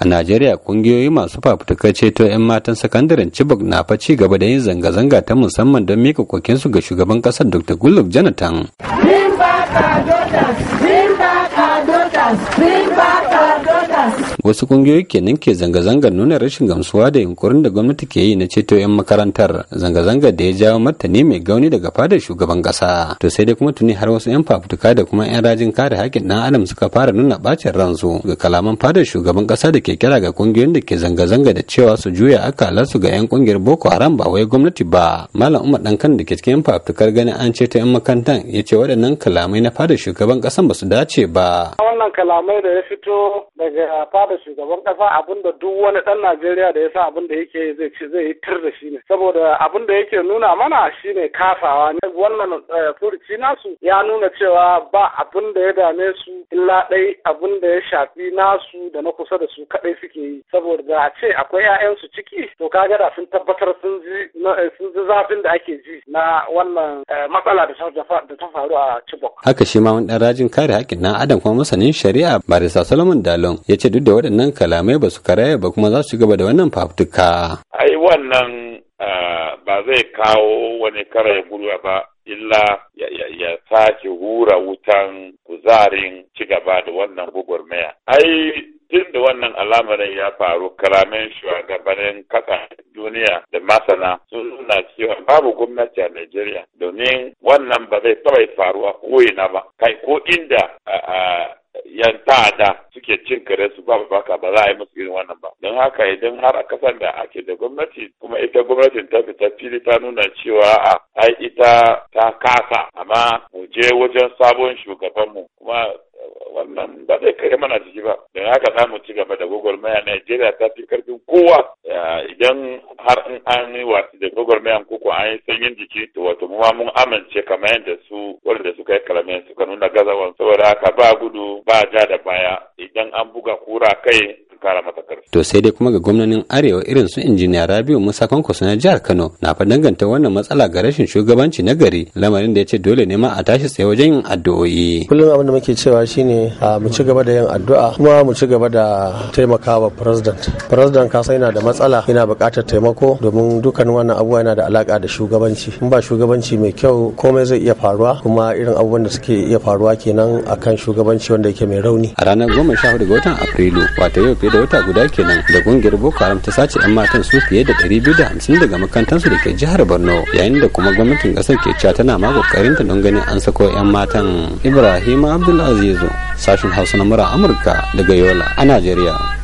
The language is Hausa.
a najeriya kungiyoyi masu fafutuka ceto 'yan matan sakandaren chibok na fa ci gaba da yin zanga-zanga ta musamman don mika kokensu ga shugaban kasar dr goodluck jonathan wasu kungiyoyi kenan ke zanga-zangar nuna rashin gamsuwa da yunkurin da gwamnati ke yi na ceto 'yan makarantar zanga-zangar da ya jawo martani mai gauni daga fadar shugaban kasa to sai dai kuma tuni har wasu 'yan fafutuka da kuma 'yan rajin kare haƙƙin ɗan adam suka fara nuna bacin ransu ga kalaman fadar shugaban kasa da ke kira ga kungiyoyin da ke zanga-zanga da cewa su juya su ga 'yan kungiyar boko haram ba wai gwamnati ba malam umar kan da ke cikin 'yan fafutukar ganin an ceto 'yan makarantar ya ce waɗannan kalamai na fadar shugaban kasan ba su dace ba wannan kalamai da ya fito daga fadar shugaban kasa abin da duk wani dan Najeriya da ya sa abin da yake zai ci zai yi tir da shi ne saboda abin da yake nuna mana shine kasawa ne wannan eh, furuci nasu ya nuna cewa ba abin da ya dame su illa dai abin da ya shafi nasu da na kusa da su kadai suke yi saboda a ce akwai su ciki to kaga da sun tabbatar sun ji eh, sun ji zafin da ake ji na wannan eh, matsala da da ta faru a Chibok haka shi ma wani dan rajin kare haƙƙin na adam kuma masanin shari'a Barisa Solomon Dalon ya ce duk da waɗannan kalamai ba su karaya ba kuma za su gaba da wannan fafutuka. Ai wannan ah, ba zai kawo wani karaya gurwa ba illa ya sake hura wutan kuzarin ci gaba da wannan gwagwarmaya. Ai tun da wannan al'amarin ya faru kalaman shugabannin kasa duniya da masana sun nuna cewa babu gwamnati a Najeriya domin wannan ba zai taɓa faruwa ko ina ba kai ko inda ah, ah, yan ta'ada suke cin kare su ba baka ba za a yi musu irin wannan ba don haka idan har a kasar da ake da gwamnati kuma ita gwamnatin ta fita fili ta nuna cewa a ai ita ta kasa amma mu je wajen sabon shugabanmu kuma wannan ba zai kai mana jiki ba don haka za mu ci gaba da maya najeriya ta fi karfin kowa idan har in an yi wasu da gwagwarmayan koko an yi sanyin jiki to wato mu mun amince kamar yadda su wanda suka yi su suka nuna gazawan saboda haka ba gudu ba ja da baya idan an buga kura kai kara To sai dai kuma ga gwamnanin Arewa irin su injiniya Rabiu Musa Kwankwaso na jihar Kano na fa danganta wannan matsala ga rashin shugabanci na gari lamarin da ya ce dole ne ma a tashi tsaye wajen yin addu'o'i. Kullum abin da muke cewa shine mu ci gaba da yin addu'a kuma mu ci gaba da taimakawa president. President ka yana da matsala yana buƙatar taimako domin dukkan wannan abubuwa yana da alaka da shugabanci. In ba shugabanci mai kyau komai zai iya faruwa kuma irin abubuwan da suke iya faruwa kenan akan shugabanci wanda yake mai rauni. A ranar goma sha hudu ga watan Afrilu wato yau fiye da wata guda kenan da kungiyar boko haram ta sace yan matan su fiye da 250 daga makarantansu da ke jihar borno yayin da kuma gwamnatin kasar ke cewa tana ma ta don ganin an sako yan matan ibrahim abdulaziz sashen hausa na mura amurka daga yola a najeriya